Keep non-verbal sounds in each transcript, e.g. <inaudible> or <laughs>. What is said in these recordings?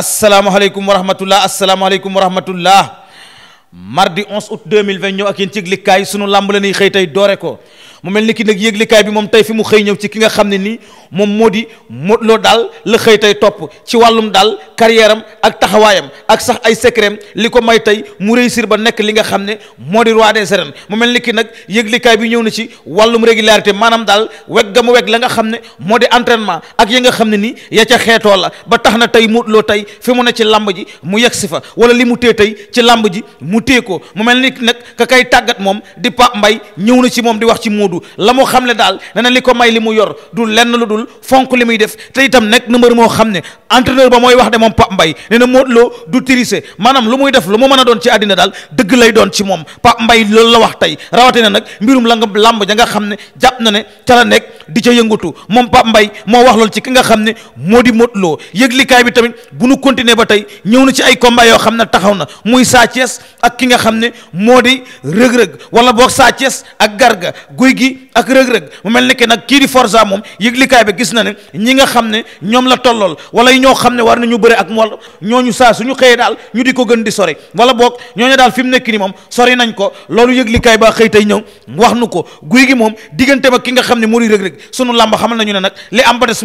asalaamaaleykum wa rahmatullah asalaamaaleykum wa rahmatullah mardi 11 août 2020 ñëw ak yéen ci yëglikaay sunu làmb la ñuy xëy tey doore ko mu mel ni ki nag yëglikaay bi moom tey fi mu xëy ñëw ci ki nga xam ne nii moom moo di Modou Lo daal la xëy tey topp ci wàllum daal carrière ak taxawaayam ak sax ay secret li ko may tey mu réussir ba nekk li nga xam ne moo di roi des arènes mu mel ni ki nag yëglikaay bi ñëw na ci wàllum régularité maanaam daal weg ga mu weg la nga xam ne moo di entraînement ak yi nga xam ne nii ya ca xeetoo la ba tax na tey Modou Lo tey fi mu ne ci lamb ji mu yegg si fa wala li mu téye tey ci lamb ji mu téye ko mu mel ni nag ka kay tàggat moom di Pape Mbaye ci moom di Moodu la mu xam ne daal nee na li ko may li mu yor du lenn lu dul fonk li muy def te itam nekk na mbër moo xam ne entraîneur ba mooy wax de moom Pape Mbaye nee na Modou Lo du tricher maanaam lu muy def lu mu mën doon ci àddina daal dëgg lay doon ci moom Pape Mbaye la wax la nga làmb ja nga xam ne jàpp na ne ca la nekk di ca yëngatu moom moo wax loolu ci ki nga xam ne moo di Modou Lo yëglikaay bi tamit bu nu continuer ba tey ñëw na ci ay combat yoo xam ne taxaw na muy Sa Thiès ak ki nga xam ne moo di rëg-rëg wala boog Sa Thiès ak Garga guy guy gi ak rëg-rëg mu mel ni que nag moom yëglikaay nga xam ne ñoom la tollool wala ñoo xam ne war nañu bëre ak mool ñooñu saa suñu xëyee daal ñu di ko gën di sori wala boog ñooñu daal fi mu nekk ni moom sori nañ ko loolu yëglikaay ba xëy tey ñëw wax nu ko guy gi moom diggante ba ki nga xam ne mu di rëg-rëg sunu làmb xamal nañu ne nag li am ba des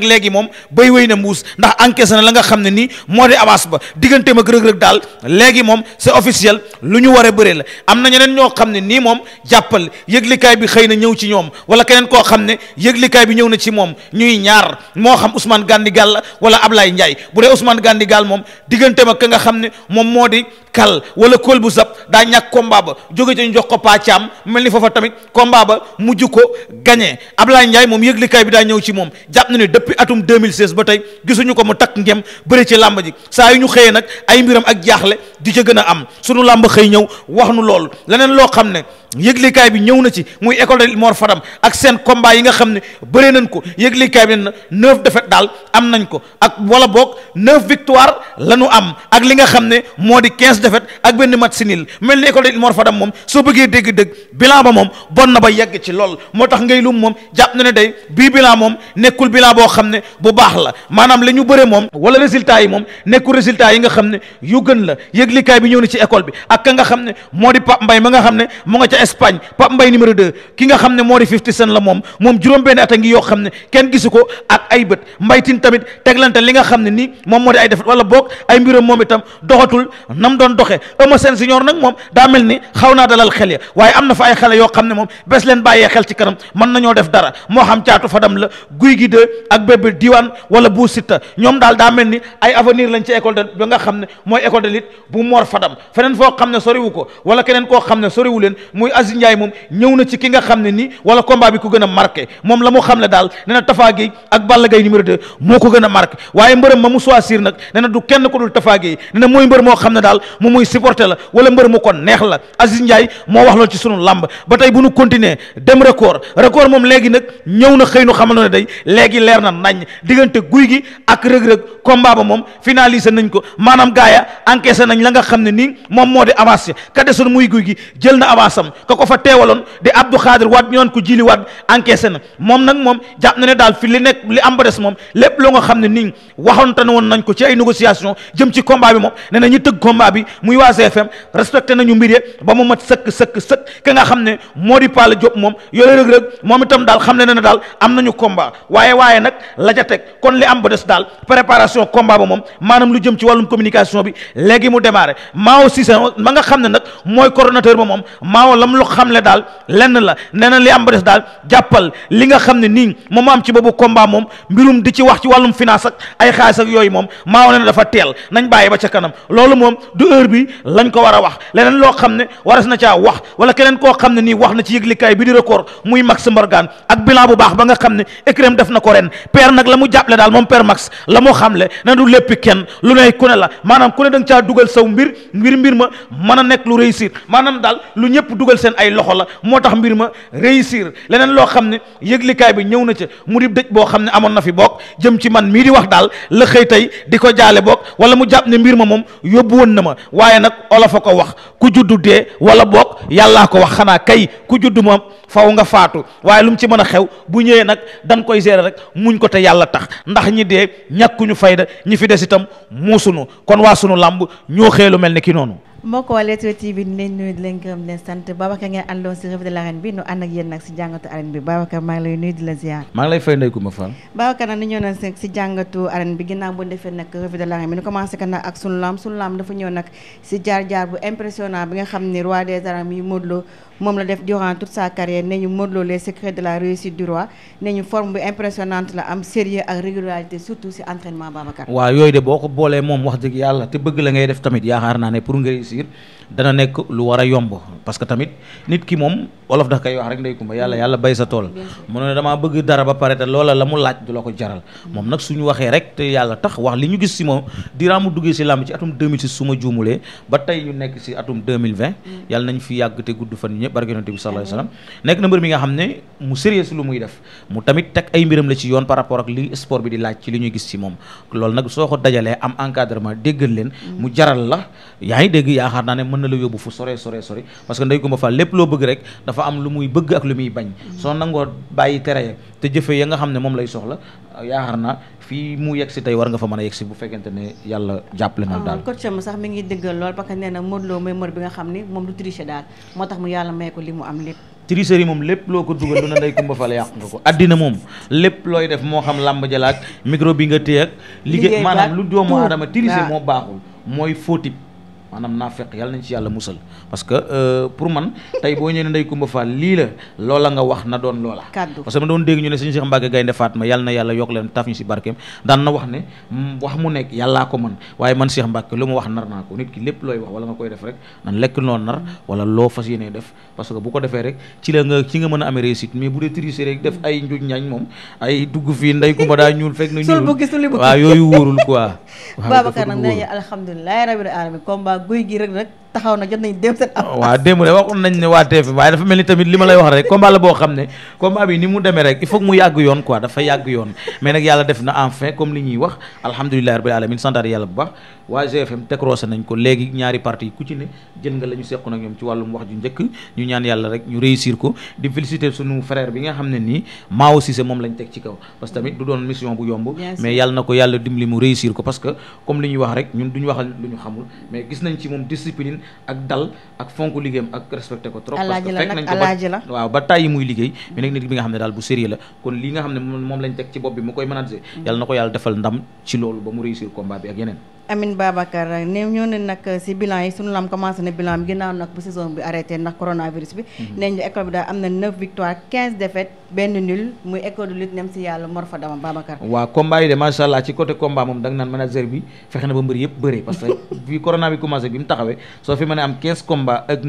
léegi moom bay wéy na mbuus ndax encaissé na la nga xam ne nii moo di avance ba diggante mag rëg-rëg daal léegi moom c'est officiel lu ñu war a bëre la am na ñeneen ñoo xam ne nii moom jàppal yëgle yëglikaay bi xëy na ñëw ci ñoom wala keneen koo xam ne yëglikaay bi ñëw na ci moom ñuy ñaar moo xam Ousmane Gandigal la wala Ablaye Ndiaye bu dee Ousmane Gandigal moom diggante ma ka nga xam ne moom moo di kal wala kool bu sab daa ñàkk combat ba jóge ca ñu jox ko pàccaam mel ni foofa tamit combat ba mujj ko gagné Ablaye Ndiaye moom yëglikaay bi daa ñëw ci moom jàpp na ne depuis atum 2016 ba tey gisuñu ko mu takk ngem bëri ci làmb ji saa yu ñu xëyee nag ay mbiram ak jaaxle di ca gën a am sunu làmb xëy ñëw wax nu loolu leneen loo xam ne yëglikaay bi ñëw na ci muy école de Mor Fadam ak seen combat yi nga xam ne bëri nañ ko yëglikaay bi na neuf défaites daal am nañ ko ak wala boog neuf victoire la ñu am ak li ñetti defet ak benn match nul mel ni école Mor Fadam moom soo bëggee dégg-dégg bilan ba moom bon na ba yegg ci lool moo tax ngay lum moom jàpp na ne day bii bilan moom nekkul bilan boo xam ne bu baax la maanaam la ñu bëre moom wala résultat yi moom nekkul résultat yi nga xam ne yu gën la yëglikaay bi ñëw na ci école bi ak ka nga xam ne moo di Pape Mbaye ma nga xam ne mu nga ca Espagne Pape Mbaye numéro 2 ki nga xam ne moo di Fifty Cent la moom moom juróom-benn at a ngi yoo xam ne kenn gisu ko ak ay bët mbaytin tamit teglante li nga xam ne nii moom moo di ay defet wala boog ay mbiram moom itam doxatul nam doon doxee Eumeu Sène Junior nag moom daa mel ni xaw naa dalal xel ya waaye am na fa ay xale yoo xam ne moom bés leen bàyyee xel ci kanam mën nañoo def dara moo xam caatu fadam la guy gi de ak bébé diwaan wala bu sitta ñoom daal daa mel ni ay avenir lañ ci école de ba nga xam ne mooy école de lutte bu Mor Fadam feneen foo xam ne soriwu ko wala keneen koo xam ne soriwu leen muy Aziz Ndiaye moom ñëw na ci ki nga xam ne nii wala combat bi ku gën a la mu ne daal na Tafa Gueye ak Balla a ma mu choisir nag na du kenn ko dul mu muy supporter la wala mbër mu kon neex la Aziz Ndiaye moo wax lool ci sunu làmb ba tey bu nu continuer dem record record moom léegi nag ñëw na xëy nu xamal ne day léegi leer na nañ diggante guy gi ak rëg-rëg combat ba moom finalisé nañ ko maanaam gaaya encaissé nañ la nga xam ne nii moom moo di avance ka desoon muy guy gi jël na avance am ka ko fa teewaloon di Abdou Khadir Wade ñu naan ko jili Wade encaissé na moom nag moom jàpp na ne daal fii li nekk li am ba des moom lépp loo nga xam ne nii waxoonte ne woon nañ ko ci ay négociation jëm ci combat bi moom nee na ñu tëgg combat bi muy waa GFM respecté nañu mbir yee ba mu mat sëkk sëkk sëkk ki nga xam ne moo di Palla Diop moom yore Reug Reug moom itam daal xam ne na daal am nañu combat waaye waaye nag la ca teg kon li am ba des daal préparation combat ba moom maanaam lu jëm ci wàllum communication bi léegi mu démarré maawo Cissé ma nga xam ne nag mooy coordonnateur ba moom maawo lam lu xam ne daal lenn la nee na li am ba des daal jàppal li nga xam ne nii moom am ci boobu combat moom mbirum di ci wax ci wàllum finance ak ay xaalis ak yooyu moom maawo nee dafa teel nañ bàyyi ba ca kanam heure bi lañ ko war a wax leneen loo xam ne waras na caa wax wala keneen koo xam ne nii wax na ci yëglikaay bi di record muy Max Mbargane ak bilan bu baax ba nga xam ne écrém def na ko ren père nag la mu jàppale daal moom père Max la mu xamle na du léppi kenn lu ne ku ne la maanaam ku ne da nga caa dugal saw mbir mbir ma mën a nekk lu réussir maanaam daal lu ñëpp dugal seen ay loxo la moo tax mbir ma réussir leneen loo xam ne yëglikaay bi ñëw na ca mu di dëj boo xam ne amoon na fi bokk jëm ci man mii di wax daal la xëy tey di ko jaale bokk wala mu jàpp ne waaye nag olof a ko wax ku juddu dee wala boog yàllaa ko wax xanaa kay ku juddu moom faw nga faatu waaye lu mu ci mën a xew bu ñëwee nag dañ koy gérer rek muñ ko te yàlla tax ndax ñi dee ñàkkuñu fayda ñi fi des itam mu sunu kon waa sunu làmb ñoo xeelu mel ni ki noonu mbokk waa Leewtoo TV ñu leen di leen gërëm di sant Babacar ngeen àndoon si revue de l'arène bi nu ànd ak yéen nag si jàngatu arène bi Babacar maa ngi lay nuyu di la ziar maa ngi lay fay Ndeye Coumba Fall Babacar nag nu ñëw nag si jàngatu arène bi ginnaaw bu defee nag revue de l'arène bi nu commencé que nag ak sunu lam sunu lam dafa ñëw nag si jaar-jaar bu impressionnant bi nga xam ni roi des arènes yu Modou moom la def durant toute sa carrière ne ñu Modou Lo les secrets de la réussite du roi ne ñu la am sérieux ak régularité surtout si entraînement Babacar waaw yooyu de boo moom wax dëgg yàlla te bëgg def tamit yaakaar naa réussir dana nekk lu war a yomb parce que tamit nit ki moom olof da koy wax rek ndey yàlla yàlla bay sa tool mu ne damaa bëgg dara ba pare te loola la mu laaj du la ko jaral moom nag suñu waxee rek te yàlla tax wax li ñu gis si moom diraa mu duggee si làmb ci atum 2006 su ma juumulee ba tey ñu nekk si atum 2020 mm. yàlla nañ fi yàgg te gudd fan ñëpp barke yonent bi sallallahu alayhi nekk na mbir mi nga xam ne mu sérieux lu muy def mu tamit teg ay mbiram la ci yoon par rapport ak li sport bi di laaj ci li ñuy gis si moom loolu nag soo ko dajalee am encadrement déggal leen mm. mu jaral la mën a ah, li mu am lépp tricherie moom lépp loo ko dugal lu ne Ndeye Coumba Fall yàq nga ko addina moom lépp looy def moo xam làmb jalaak micro bi nga téye ak liggéey maanaam lu doomu aadama tricher ah. moo baaxul mooy faux maanaam naa fekk yàlla nañ ci yàlla musal parce que euh, pour man tey boo ñëwee Ndeye Coumba Fall lii la loola nga wax na doon loola parce ma doon dégg ñu ne suñu Cheikh Mbacké Gaynde Fatma yàlla na yàlla yokk leen taf ñu ci barkeem daan na wax ne mm, wax mu nekk yàllaa ko man waaye man Cheikh Mbacké lu ma wax nar naa ko nit ki lépp looy wax wala nga koy def rek nan lekk noo nar wala loo fas yéene def parce que bu ko defee rek ci la nga ci nga mën a amee réussite mais bu dee tricher rek def ay njuñ ay dugg fii Ndeye Coumba daa ñuul na ñuul waaw yooyu wóorul quoi Babacar nag nee nañu alhamdulilah rabil alamin combat guy gi rek rek taxaw na jot nañ dem seen am waaw démb de waxoon nañ ne waa TFM waaye dafa mel ni tamit li ma lay wax rek combat boo xam ne combat bi ni mu demee rek il faut yoon quoi dafa yàgg yoon mais nag yàlla def na enfin comme li ñuy wax alhamdulilahi rabbil alamin santaar yàlla bu baax waa parti yi ku ci ne jël nga la ñoom ci wàllum wax ju njëkk ñu ñaan yàlla rek ñu réussir ko di féliciter sunu frère xam ne nii Mao moom lañ teg ci kaw parce que tamit du doon mission bu mu réussir ko parce que comme li ñuy wax rek ñun duñu waxal lu ñu xamul mais gis nañ ci moom discipline ak dal ak fonk liggéeyam ak respecté ko trop parce que fekk nañ ko waaw ba tàyyi muy liggéey mais nag nit bi nga xam ne daal bu sérieux la kon li nga xam ne moom lañ teg ci bopp bi mu koy manager mm. yàlla na ko yàlla defal ndam ci loolu ba mu réussir combat bi ak yeneen Amine Babacar ne ñoo ne nag euh, si bilan yi sunu lam commencé na bilan bi ginnaaw nag bu saison bi arrêté ndax coronavirus bi mhm. nee ñu école bi daal am na 9 victoire 15 défaites benn nul muy école de lutte nem si yàlla mor fa dama Babacar waaw combat yi de macha allah ci côté combat moom da nga naan manager bi fexe na ba mbër yëpp bëree parce que <laughs> bi corona bi commencé bi mu a am 15 combats ak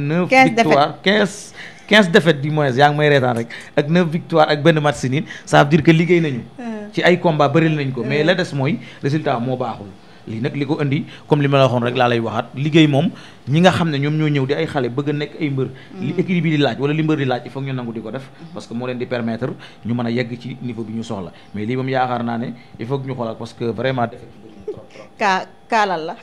rek ak 9 victoire ak benn match si niin dire que liggéey nañu euh. ci ay combat bëril nañ ko mais euh. la des mooy résultat moo baaxul lii nag li ko indi comme li ma la waxoon rek laa lay waxaat liggéey moom ñi nga xam ne ñoom ñoo ñëw di ay xale bëgg a nekk ay mbër li mm. équipe bi di laaj wala li mbër di laaj il faut ñu nangu di ko def mm. parce que moo leen di permettre ñu mën a yegg ci niveau bi ñu soxla mais lii moom yaakaar naa ne il faut ñu xoolaat parce que vraiment kaa kaalal la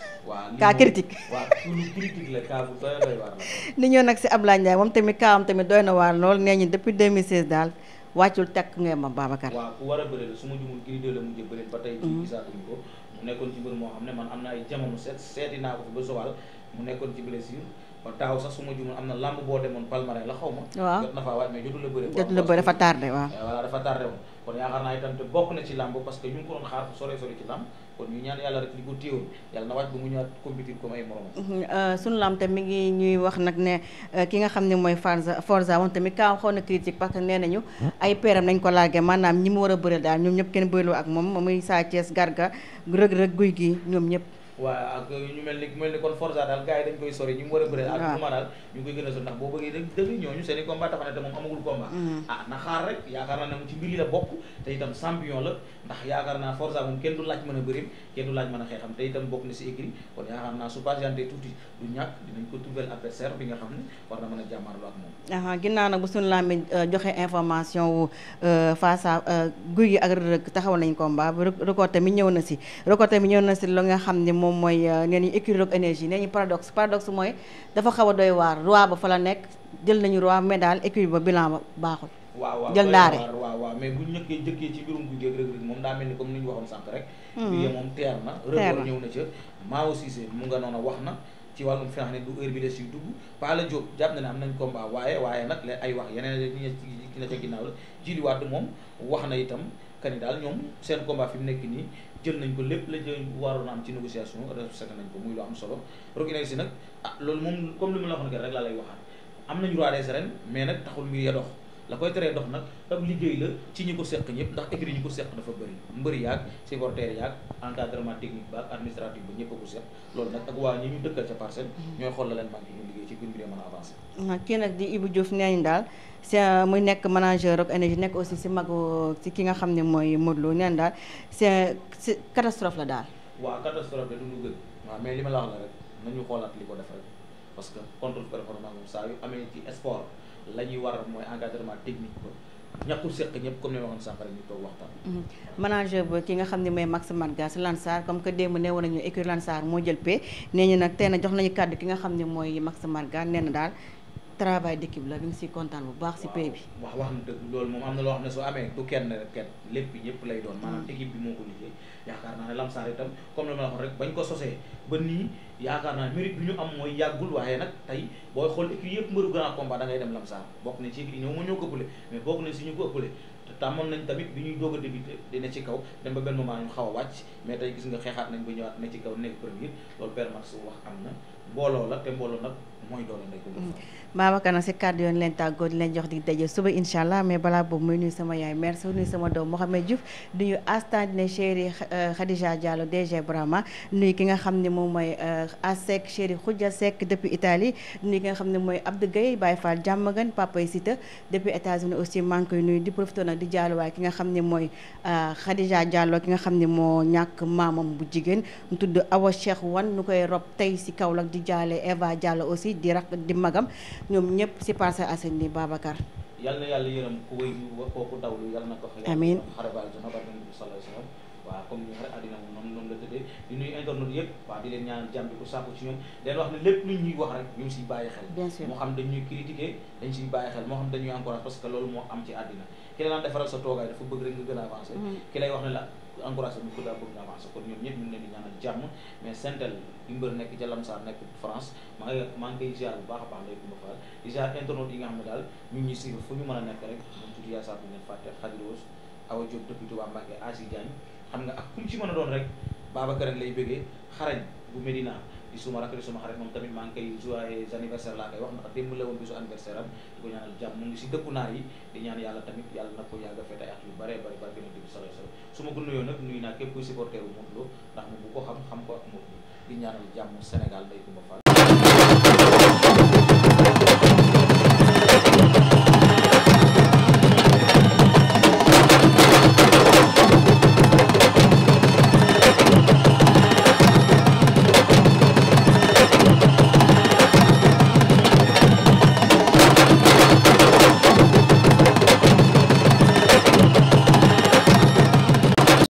kaa critique <laughs> ni ñoo nag si Ablaye Ndiaye moom tamit kaawam tamit doy na waar lool nee ñi depuis 2016 daal wàccul tekk ngay ma Babacar. waaw ku war a bëri su ma jumul Gris 2 la mujj bëri ba tey ji mm-hmm. gisaatuñu ko mu nekkoon ci mbir ne man am na ay jamono seet seeti naa ko fi ba nekkoon ci blessure ba taaw sax su ma jumul am na lamb boo demoon palmarin la xaw ma waaw jot na faa waaj mais jotul la bëri jotul la bëri dafa tardé waaw eh, voilà dafa tardé woon kon yaakaar naa itam te bokk na ci lamb parce que ñu ngi ko doon xaar fu sore sore ci lamb kon ñu ñaan yàlla rek li ko téewoon yàlla na wàcc ba mu ñëwaat compétir comme ay moromam. Mhm. Euh, sunu lam tam ngi ñuy wax nag ne euh, ki nga xam ne mooy Forza Forza moom tamit kaa xaw na critique parce que nee nañu ay peeram nañ ko laajee maanaam ñi a bëri daal ñoom ñëpp kenn bëriloo ak moom muy Sa Thiès Garga rëg ñu koy sori ñu a bëri a sori ndax boo bëggee dëgg ñooñu seen i combat dafa te moom amagul combat mhm. ah na xaar rek yaakaar naa ne ci mbir yi la bokk te itam champion la ndax yaakaar naa Forza moom kenn du laaj mën a bërim kenn du laaj mën a xeexam te itam bokk na si écrit kon yaakaar naa su patienté tuuti du ñàkk dinañ ko trouver ak moom aha ginnaaw nag bu suñu laamee euh, joxe information wu euh, face à euh, guy gi ak rëg taxaw nañ combat record tamit ñëw na si record tamit ñëw na si lu nga xam ne moom mooy nee nañu écrit rock énergie nee ñu paradoxe paradoxe mooy dafa xaw a doy waar roi ba fa la nekk jël nañu roi mais daal écrit ba bilan baaxul waaw waaw mais bu ñu ñëkkee jëkkee ci mbirum guy géeg Reug Reug moom daa mel ni comme ni ñu waxoon sànq rek biyee hmm. moom teer na record ñëw na bi la siy dugg Pala Diop na ne am nañ waaye waaye ay wax yeneen ñi na ca ginnaaw la Jili Wade moom wax na itam kani daal ñoom seen combat fi mu nekk nii jël nañ ko lépp la jël waroon am ci négociation respecté nañ ko muy lu am solo Rock Énergie nag ah loolu moom comme li ma la waxoon rek laa lay waxaat am nañu roi des mais nag taxul mbir ya dox la koy teree dox nag ab liggéey la ci ñi ko seq ñëpp ndax écrit ñi ko seq dafa bëri mbëri yaag supporter yaag encadrement technique baak administratif ba ñëpp a ko seq loolu nag ak waa ñi ñu dëkkal ca parcelle ñooy xool la leen manqué ñu liggéey ci biir mbir mën a avancé ah, di Ibou Diouf neeñ daal si euh, muy nekk manager ak énergie nekk aussi si magu si ki nga xam ne mooy Modou Lo neen daal c'est c'est catastrophe la daal waaw catastrophe la du lu gën waaw mais li ma la wax la rek la ñuy war mooy encadrement technique ba ñàkkul seq ñëpp comme ni ma waxoon sànq rek ñu toog waxtaan. Mm-hmm. manager ba ki nga xam ne mooy Max Mbargane si Lansar comme que démb ne woon nañu écurie Lansar moo jël pee nee ñu nag tey na jox nañu kàddu ki nga xam ne mooy Max Mbargane nee na daal. travail d'équipe la ñu ngi siy kontaan bu baax si pay bi. wax wax na dëgg loolu moom am na loo xam ne soo amee du kenn rek kenn lépp ñëpp lay doon. maanaam mm. ko liggéey yaakaar naa ne Lamsaar itam comme la ma la waxoon rek bañ ko sosee ba ñu am mooy yàggul waaye nag tey booy xool yëpp mbëru grand combat da dem na ci bokk na si ñu ko ëppale te tàmmoon nañ tamit bi ñuy doog a débuté dina ci kaw dem a wàcc mais gis nga xeexaat nañ ba ñëwaat ne ci kaw nekk premier loolu permanence wax am na mbooloo la te mbooloo nag mooy doole ndey ko mm. Babacar nag si kàddu yoon leen tàggoo di jox di daje suba incha allah mais balaa boobu mooy nuyu sama yaay merci nuyu sama doom Mouhamed Diouf nuyu Astane ne chéri euh, Khadija Diallo DG Brahma nuyu ki nga xam ne moom mooy euh, Asek chéri Khoudia Seck depuis Italie nuyu nga xam ne mooy Abdou Gueye Baye Fall Diamagan papa yi Sita depuis États-Unis aussi maa ngi nuyu di profité nag di jaaluwaay ki nga xam ne mooy euh, Khadija Diallo ki nga xam ne moo ñàkk maamam bu jigéen mu tudd Awa Cheikh Wan nu koy rob tey si Kaolack di jaale Eva Diallo di rak di magam ñoom ñëpp si passé asen ni Babacar yal na yàlla yërëm ku wéy kooku dawlu yal na ko fa amiin xarabal wa sallam comme ñu xare àddina moom noonu la tëddee di nuyu internet yëpp waaw di leen ñaan jàmm bi sàkku ci ñoom dañ wax ne lépp lu ñuy wax rek ñu ngi siy bàyyi xel moo xam dañuy critiquer dañ siy bàyyi xel moo xam dañuy encourage parce que loolu moo am ci àddina ki la naan defaral sa toogaay dafa bëgg rek nga gën a avancer mm-hmm. ki lay wax ne la encouragé bu ko daa bëgg nga kon ñoom ñëpp ñu ngi ñaanal jàmm mais sentel di mbër nekk jalamsaar nekk France maa ngi maa ngi koy ziar bu baax a ma yi nga xam ne daal ñu ngi suivre fu ñu a nekk rek bu ngeen fàtte xam nga ak ku ci mën a doon rek Babacar lay bëggee xarañ bu Médina di suma rakk di suma xarit moom tamit maa ngi koy joyeux anniversaire laa koy wax ndax démb la woon bisu anniversaire am di ko ñaanal jàmm mu ngi si dëkku naar yi di ñaan yàlla tamit yàlla na ko yàgg a fete ay at yu bare bare barke na dibi sallallahu alayhi wasallam su ko nuyoo nag nuyu naa képp kuy supporter bu Modou Lo ndax moom bu ko xam xam ko ak Modou Lo di ñaanal jàmm Sénégal day ko ma fal